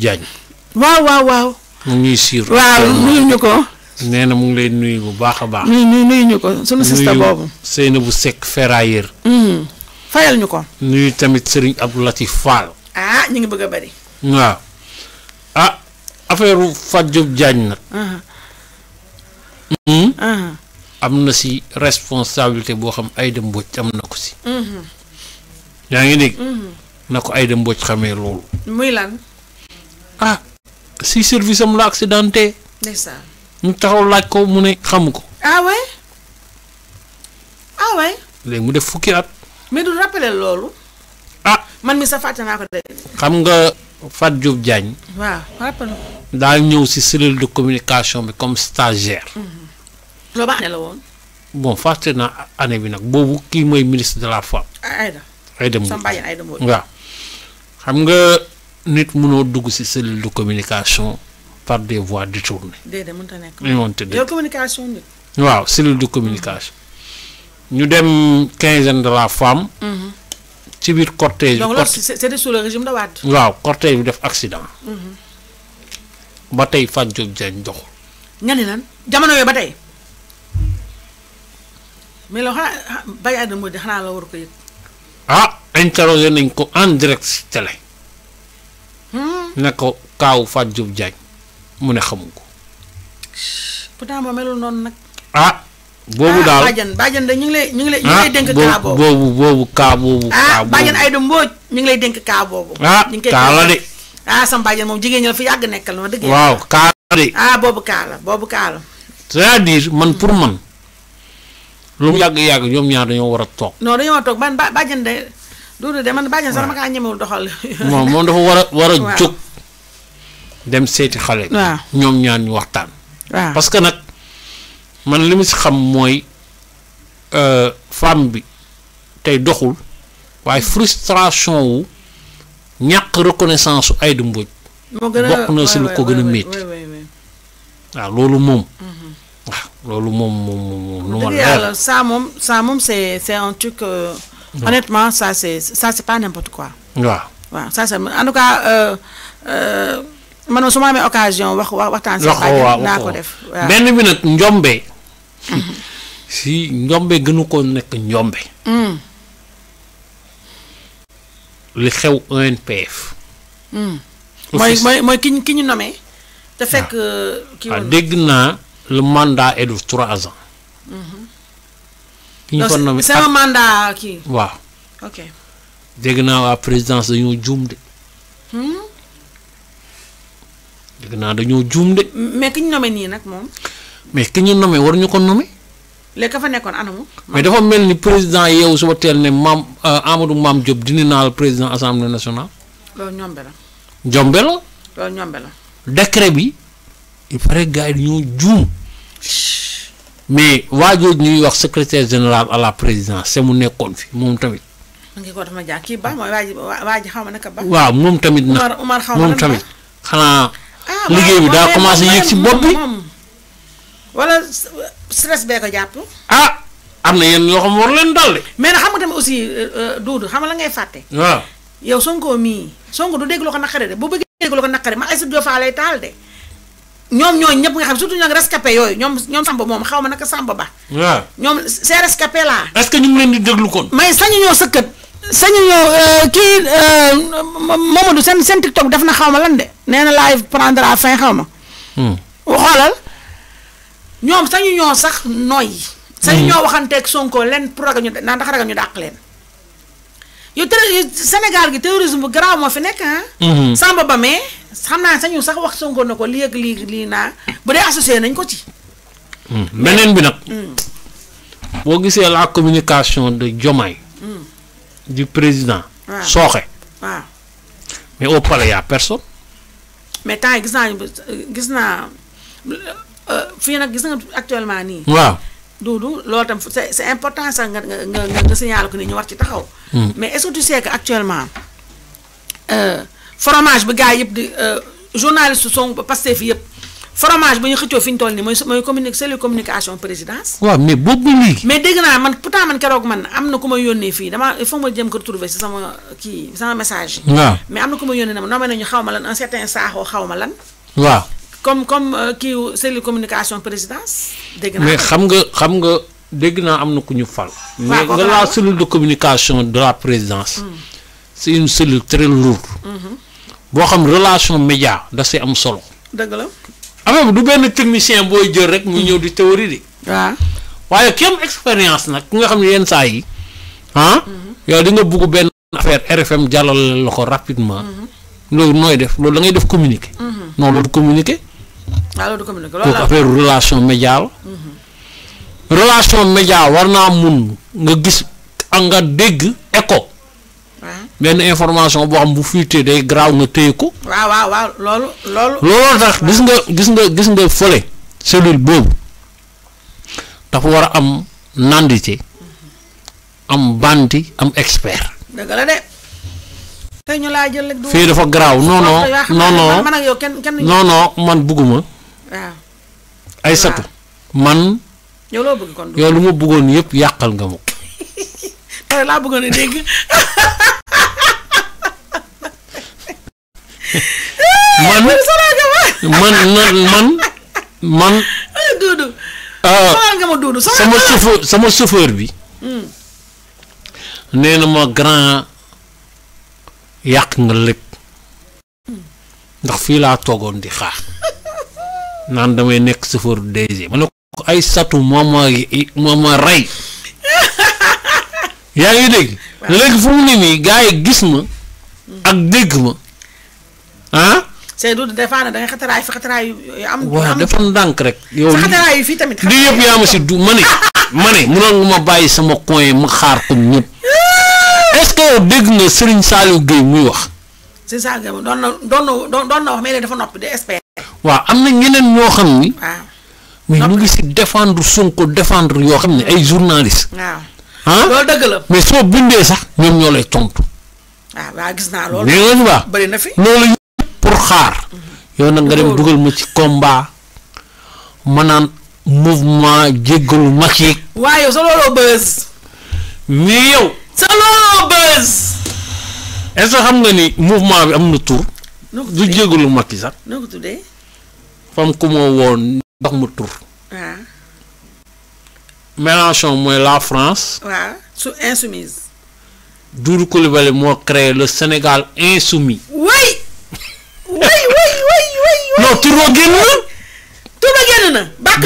Diagne. waaw waaw waaw. mu ngi siir. waaw nuyu ñu ko. nee na mu ngi lay nuyu bu baax a baax. nuyu nuyu ñu ko sunu sista boobu. Seynabou Seck ferrailleur. Hmm. fayal ñu ko. nuyu tamit sëriñ Abdou Latif Fall. ah ñu ngi bëgg a bari. waaw ah affaire Fatou Diop Diagne nag. Uh-huh. Hmm? Uh-huh. am na si responsabilité boo xam Aïda Mbodj am na ko si. Uh-huh. yaa ngi dégg. na ko Aïda Mbodj xamee loolu. ah si service am la accidenté. ndeysaan taxaw laaj ko mu ne xamu ko. ah, ah léegi mu def fukki at. mais du loolu. ah man mi sa fàtte naa ko de. xam nga Fatou Diouf Diagne. waaw ñëw si cellule de communication bi comme stagiaire. Mm-hmm. loolu ba année la woon. bi nag boobu kii mooy ministre de la femme. Aïda. xam nga. nit mënoo dugg ci cellule de communication par des voies détournées. déedéet mënta nek yow communication nit. waaw cellule de communication. ñu dem quinzaine de la femme. Mhm. ci biir cortège bi. donc loolu c'était sous le régime de Wade. waaw cortège bi def accident. Mhm. ba tey Fatou Diop Diagne doxul. nga ni lan jamono yooyu ba tey mais loo bay ne Baye Adama xanaa la war ko yëg. ah interrogé nañ ko en direct ci télé. ne ko kaaw Fatou Diop Diagne mu ne xamu ko. pourtant moo melul noonu nag. ah. boobu ah, daal ah Badiane de ñu ngi lay ñu ngi lay. ñu ngi lay dénk ah, kaa boobu boobu boobu kaa boobu. Ah, kaa boobu ah ngi lay dénk kaa boobu. ah kaa la de. ah sama Badiane moom jigéen fi yàgg nekkal ma dëgg. de. ah kaa la boobu kaa la. c'est-à-dire man pour hmm. man. lu yàgg yàgg ñoom ñaar dañoo war a toog. non dañoo toog ban Badiane de. Doudou de man bàjjen sax dama kaa ñemewul doxal. moom moom dafa war a war a jóg. dem seeti xale bi. ñoom ñaan ñu waxtaan. waaw parce que nag man li ma si xam mooy euh, femme bi tey doxul moom. Mm-hmm. waaw moom moom moom lu honnêtement ça c'est ça c'est pas n'importe quoi. ça c'est en tout cas euh, euh ma occasion ça ben si gënu ko mm. li xew UNPF. mais mais qui qui nommé. te euh, le mandat est de trois ans. Mm-hmm. ki ñu fa nommé sama waaw. dégg naa waa présidence dañoo juum de. Hmm? naa dañoo juum de. mais ki ñu nommé nii nag moom. mais ki ñu nommé waruñu ko nommé. léegi ka fa nekkoon anamu. mais dafa mel ni président yeewu suba teel ne maam euh, Amadou Mame Diop dina naal président assemblée nationale. loolu ñombe la. jombe bi il paraît gars yi juum. mais waajoo ñuy wax secrétaire général à la présidence te mu nekkoon fi moom tamit. waaw moom tamit nag moom tamit xanaa ah, liggéey bi daa commencé yëg si bopp bi. wala stress bee ko ah am na yenn yoo xam war leen dolli. mais nag xam nga tamit aussi euh, euh, Doudou xam nga la ngay fàtte. waaw yow Sonko mii Sonko du dégg lu ko naqare de bu bëggee dégg lu ko naqare ma ay sa jofaa lay taal de. ñoom ñooñu ñëpp nga xam surtout ñoo ngi rescapé yooyu ñoom ñoom Samba moom xaw ma naka Samba ba. waaw ñoom c'est rescapé là. est-ce que ñu ngi leen di déglu kon. mais sañu ñoo sëkkat. sañu euh, kii euh, Mamadou seen TikTok def na xaw ma lan de nee na live prendre à fin xaw ma. Hmm. xoolal ñoom sañu ñoo sax nooy. Hmm. sañu ñoo waxanteeg Sonko leen pour ragal ñu naan ndax ragal ñu dàq leen. yow Sénégal gi terrorisme bu garaaw moo fi nekk ah. Hmm. Samba Ba mais. xam naa sañu sax wax Sonko na ko lii ak lii lii naa bu dee associé nañ ko ci. Hmm. beneen bi nag. Hmm. boo gisee la communication de Diomaye. Hmm. du président. waaw sooxe. waaw mais au palais y personne. mais temps gis naa gis naa euh, fii nag gis nga actuellement nii. waaw Doudou loolu tam c'est c'est important sax nga nga nga signaler ko ni ñu war ci taxaw. mais est-ce que tu sais que fromage bi gars yëpp di euh, journaliste son Pastef fii yëpp fromage bi ñu xëccoo fi ñu toll nii mooy mooy communique c'est la communication présidence. waaw mais boobu léegi. mais dégg naa man pourtant man keroog man am na ku ma yónnee fii dama il faut ma jëm ko retrouver si sama kii sama message waaw mais am na ku ma yónnee ne ma nommé nañu xaw ma lan un certain saaxoo xaw ma lan. waaw comme comme euh, kii cellule communication présidence. dégg naa mais xam nga xam nga dégg naa am na ku ñu fal. mais nga la cellule communication de la présidence. Mm. c'est une cellule boo xam relation média da si am solo dëgg la amam ah, du benn technicien booy jël rek mu hmm. ñëw di théorie di waaw waaye ki am expérience nag ku nga xam ne yenn saa yi ah hmm. yow di nga bugg benn affaire rfm jàllal la ko rapidement hmm. loolu nooy def loolu da ngay def communiquer non lo communiquer waaw loolu communiquer ah, loolu affaire relation média la relation média war naa mun nga gis nga dégg écho benn information boo xam bu fuitee day garaaw nga téye ko. waaw looloo tax gis nga gis nga gis nga fële cellule boobu dafa war a am nandite am bandi am expert. ñu laa jël fii dafa garaaw non non non man bugg waaw ay satu man. yow loo bëgg kon yow yëpp yàqal nga ma. man man man man. Ah, sama chauffeur sama chauffeur bi. Hmm. nee na ma grand yàq nga lépp. Hmm. ndax fii laa toogoon di xaar. naan damay nekk chauffeur DG ma ne ko ay satu moom ma moom ma rey. yaa ngi dégg. léegi fu mu ne nii gars yi gis ma. Hmm. ak dégg ma ah. Seydou des fois nag da ngay xataraay fi xataraay yu eh, am. waaw dafa ndànk rek. yow li xataraay yi fii ma si du ma ne. ma ne munoon ma bàyyi sama coin ma xaar ko ñëpp. est-ce que dégg nga Serigne Saliou Gueye muy wax. Serigne Saliou Gueye doon na doon na doon na wax mais léegi dafa noppi de espère. waaw am na ñeneen ñoo xam ni. waaw mais ñu ngi si défendre Sonko défendre yoo xam ne ay journaliste. waaw ah loolu dëgg la. mais soo bindee sax ñoom ñoo lay tontu. waaw ah, waaw gis naa loolu. dégg nga fi pour xaar yow nag nga dem dugal ma ci combat ma naan mouvement jéggalu Macky. waaye yow sa looloo bës. mais yow. sa looloo bës. est ce xam nga ni mouvement bi am na tur. du jéggalu Macky sax. noo ko fam ku ma woon ndax ma tur. Ah. Mélenchon mooy la France. waaw su insoumise. Doudou Coulibaly moo créé le Sénégal insoumis. non tur wa génn na. tur wa génn na. bàq